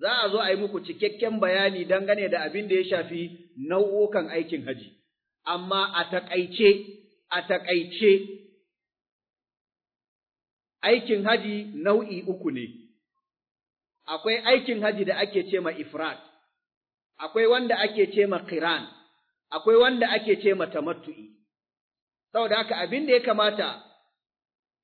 za a zo a yi muku cikakken bayani dangane da abin da ya shafi nau'ukan aikin haji, amma a taƙaice, a taƙaice, aikin haji nau'i uku ne, akwai aikin haji da ake ce ma ifrat, akwai wanda ake ce ma kiran, akwai wanda ake ce ma tamattu'i. Saboda haka abin da ya kamata,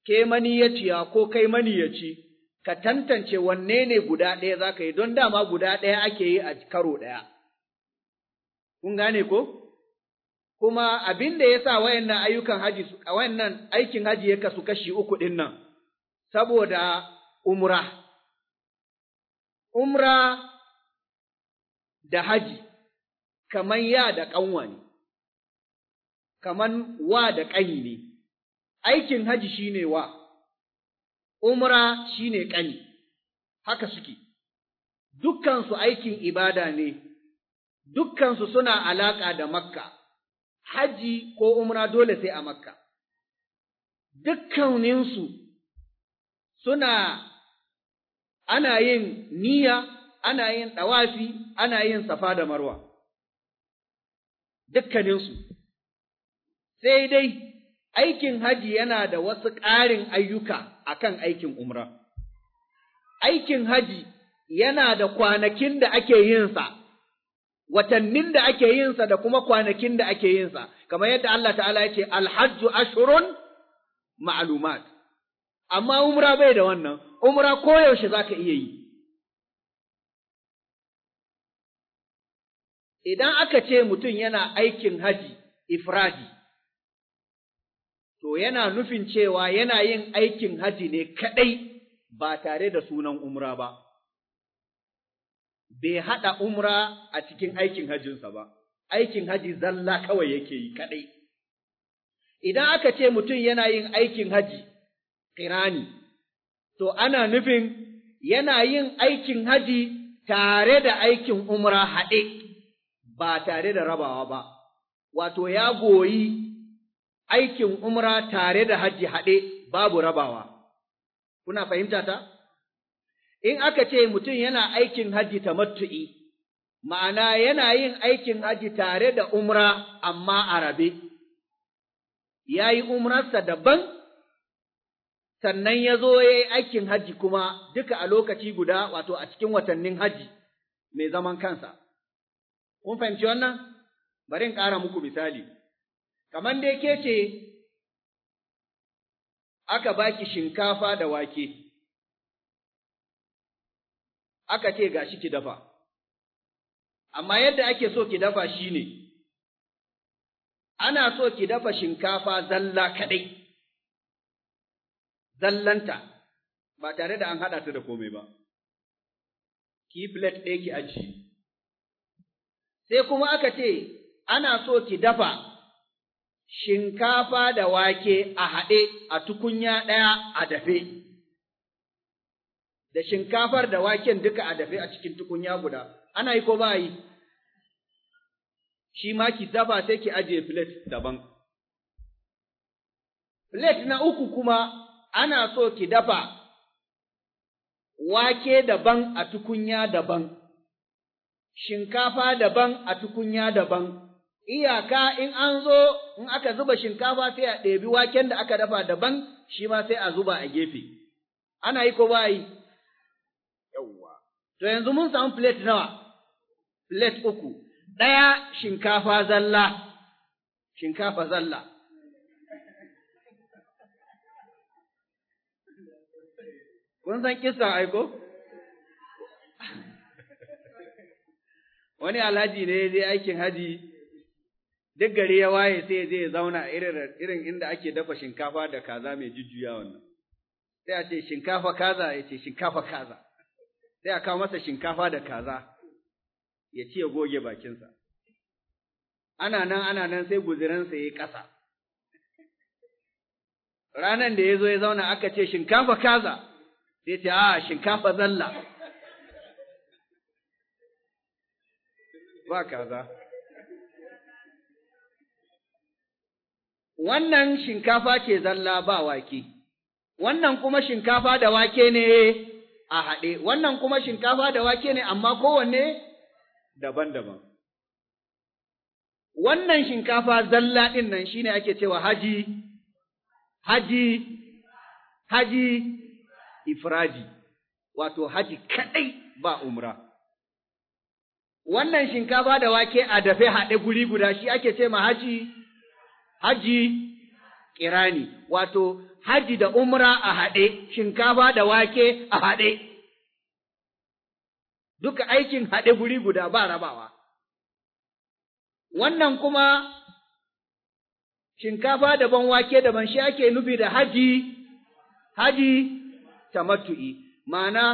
ke maniyaciya ko kai maniyaci, ka tantance wanne ne guda ɗaya za ka yi don dama guda ɗaya ake yi a karo ɗaya. Kun gane ko? Kuma abin da ya sa wayannan ayyukan haji, aikin haji ya kasu kashi uku ɗin nan, saboda umra. Umra da haji, kaman ya da ƙanwa ne, kaman wa da ƙani ne, aikin haji shi ne wa. umra shine ƙani, haka suke, dukkansu aikin ibada ne, dukkansu suna alaƙa da makka, hajji ko umra dole sai a makka. Dukkaninsu suna ana yin niyya, ana yin ɗawafi, ana yin safa da marwa, dukkaninsu, sai dai aikin haji yana da wasu ƙarin ayyuka a kan aikin umra. Aikin haji yana da kwanakin da ake yinsa, watannin da ake yinsa da kuma kwanakin da ake yinsa, kamar yadda Allah ta'ala ya ce, Alhajju ashurun ma'alumat. Amma umra bai da wannan, umra koyaushe za ka iya yi. Idan aka ce mutum yana aikin haji, ifradi. to yana nufin cewa yana yin aikin haji ne kaɗai ba tare da sunan umra ba, bai haɗa umra a cikin aikin hajinsa ba, aikin haji zalla kawai yake yi kaɗai. Idan aka ce mutum yana yin aikin haji, kirani, to ana nufin yana yin aikin haji tare da aikin umra haɗe, ba tare da rabawa ba, wato ya goyi aikin umra tare da haji haɗe babu rabawa. Kuna fahimta ta? In aka ce mutum yana aikin haji ta matu'i ma'ana yana yin aikin haji tare da umra amma a rabe, ya yi umrarsa daban, sannan ya zo ya yi aikin haji kuma duka a lokaci guda wato a cikin watannin haji mai zaman kansa. Kun fahimci wannan? Bari in ƙara muku misali. kamar dai ke ce aka baki shinkafa da wake, aka ce ga shi ki dafa, amma yadda ake so ki dafa shi ne, ana so ki dafa shinkafa zalla kaɗai, zallanta, ba tare da an haɗa ta da komai ba, ki plate ɗaya ki aji. Sai kuma aka ce, ana so ki dafa shinkafa da wake a haɗe a tukunya ɗaya a dafe, da shinkafar da waken duka a dafe a cikin tukunya guda, ana yi ko ba yi, shi ma ki dafa sai ki ajiye plate daban. Plate na uku kuma ana so ki dafa wake daban a tukunya daban, shinkafa daban a tukunya daban. iyaka in an zo in aka zuba shinkafa sai a ɗebi waken da aka dafa daban shi ma sai a zuba a gefe ana yi ko ba yawwa to yanzu mun samu plate nawa plate uku ɗaya shinkafa zalla shinkafa zalla kun san kisa aiko wani alhaji ne ya aikin haji duk gari ya waye sai zai zauna irin inda ake dafa shinkafa da kaza mai jujjuya wannan. Sai a ce shinkafa kaza ya ce shinkafa kaza, sai a kawo masa shinkafa da kaza ya ci ya goge bakinsa. Ana nan ana nan sai guziransa ya yi ƙasa. Ranan da ya zo ya zauna aka ce shinkafa kaza, sai ce a shinkafa zalla. Ba kaza. wannan shinkafa ce zalla ba wake, wannan kuma shinkafa da wake ne a haɗe, wannan kuma shinkafa da wake ne amma kowanne daban-daban. Wannan shinkafa zalla ɗin nan shi ne ake cewa haji, haji, haji ifraji, wato haji kaɗai ba umra. Wannan shinkafa da wake a dafe haɗe guri guda shi ake ce ma haji haji kirani wato haji da umra a haɗe shinkafa da wake a haɗe duka aikin haɗe guri guda ba rabawa wannan kuma shinkafa daban wake daban shi ake nufi da haji haji tamattu'i ma'ana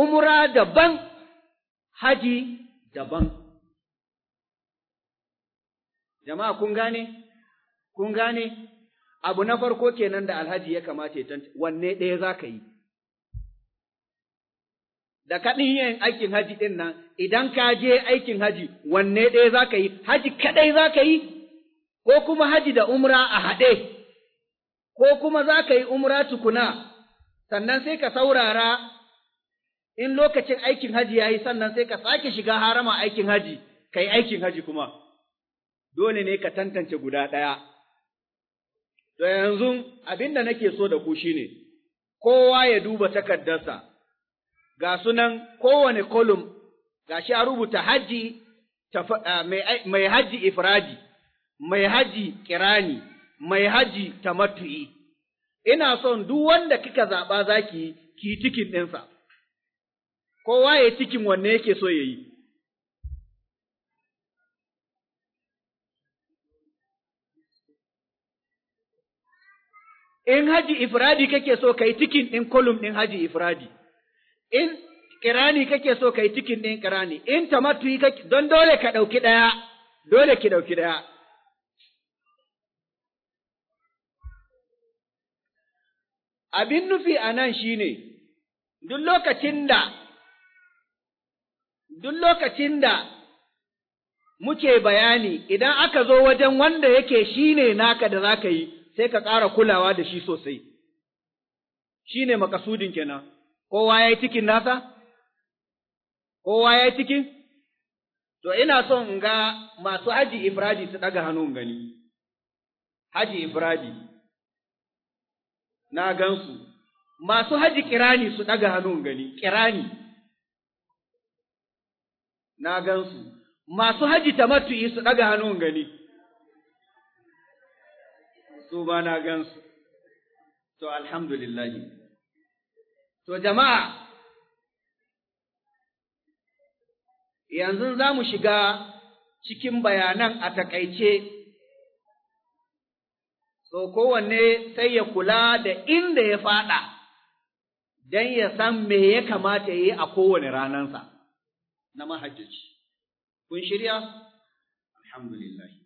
umra daban haji daban jama'a kun gane kun gane abu na farko kenan da alhaji ya kamata ya tantance wanne ɗaya za ka yi da kaɗin yin aikin haji ɗin nan idan ka je aikin haji wanne ɗaya za ka yi haji kaɗai za ka yi ko kuma haji da umra a haɗe ko kuma za ka yi umra tukuna sannan sai ka saurara in lokacin aikin haji ya yi sannan sai ka sake shiga harama aikin haji Kai aikin haji kuma dole ne ka tantance guda ɗaya. To yanzu abinda da nake so da ku shine, kowa ya duba takardarsa, ga sunan kowane kolum, ga shi a rubuta haji mai Haji ifradi, mai Haji kirani, mai Haji tamattu'i. Ina son duk wanda kika zaɓa zaki ki yi tikin ɗinsa, kowa ya cikin wanne yake so ya yi. in haji ifradi kake so kai tikin ɗin kolum din haji ifradi in kirani kake so kai tikin ɗin kirani in tamattu'i kake don dole ka ɗauki ɗaya dole ki ɗauki ɗaya abin nufi a nan shi ne, duk lokacin da, duk lokacin da muke bayani idan aka zo wajen wanda yake shi ne naka da za ka yi, sai ka ƙara kulawa da shi sosai, shi ne makasudin kenan, kowa ya yi cikin nasa? Kowa ya yi cikin? To, ina son in ga masu haji ibradi su ɗaga hannun gani, haji ibradi, na gansu, masu haji kirani su ɗaga hannun gani, kirani, na gansu, masu haji tamattu'i su ɗaga hannun gani. su ba na gansu. To, alhamdulillahi. To, jama'a, yanzu za mu shiga cikin bayanan a taƙaice, so kowanne sai ya kula da inda ya faɗa, don ya san me ya kamata ya yi a kowane ranansa na mahajjaci. Kun shirya? alhamdulillahi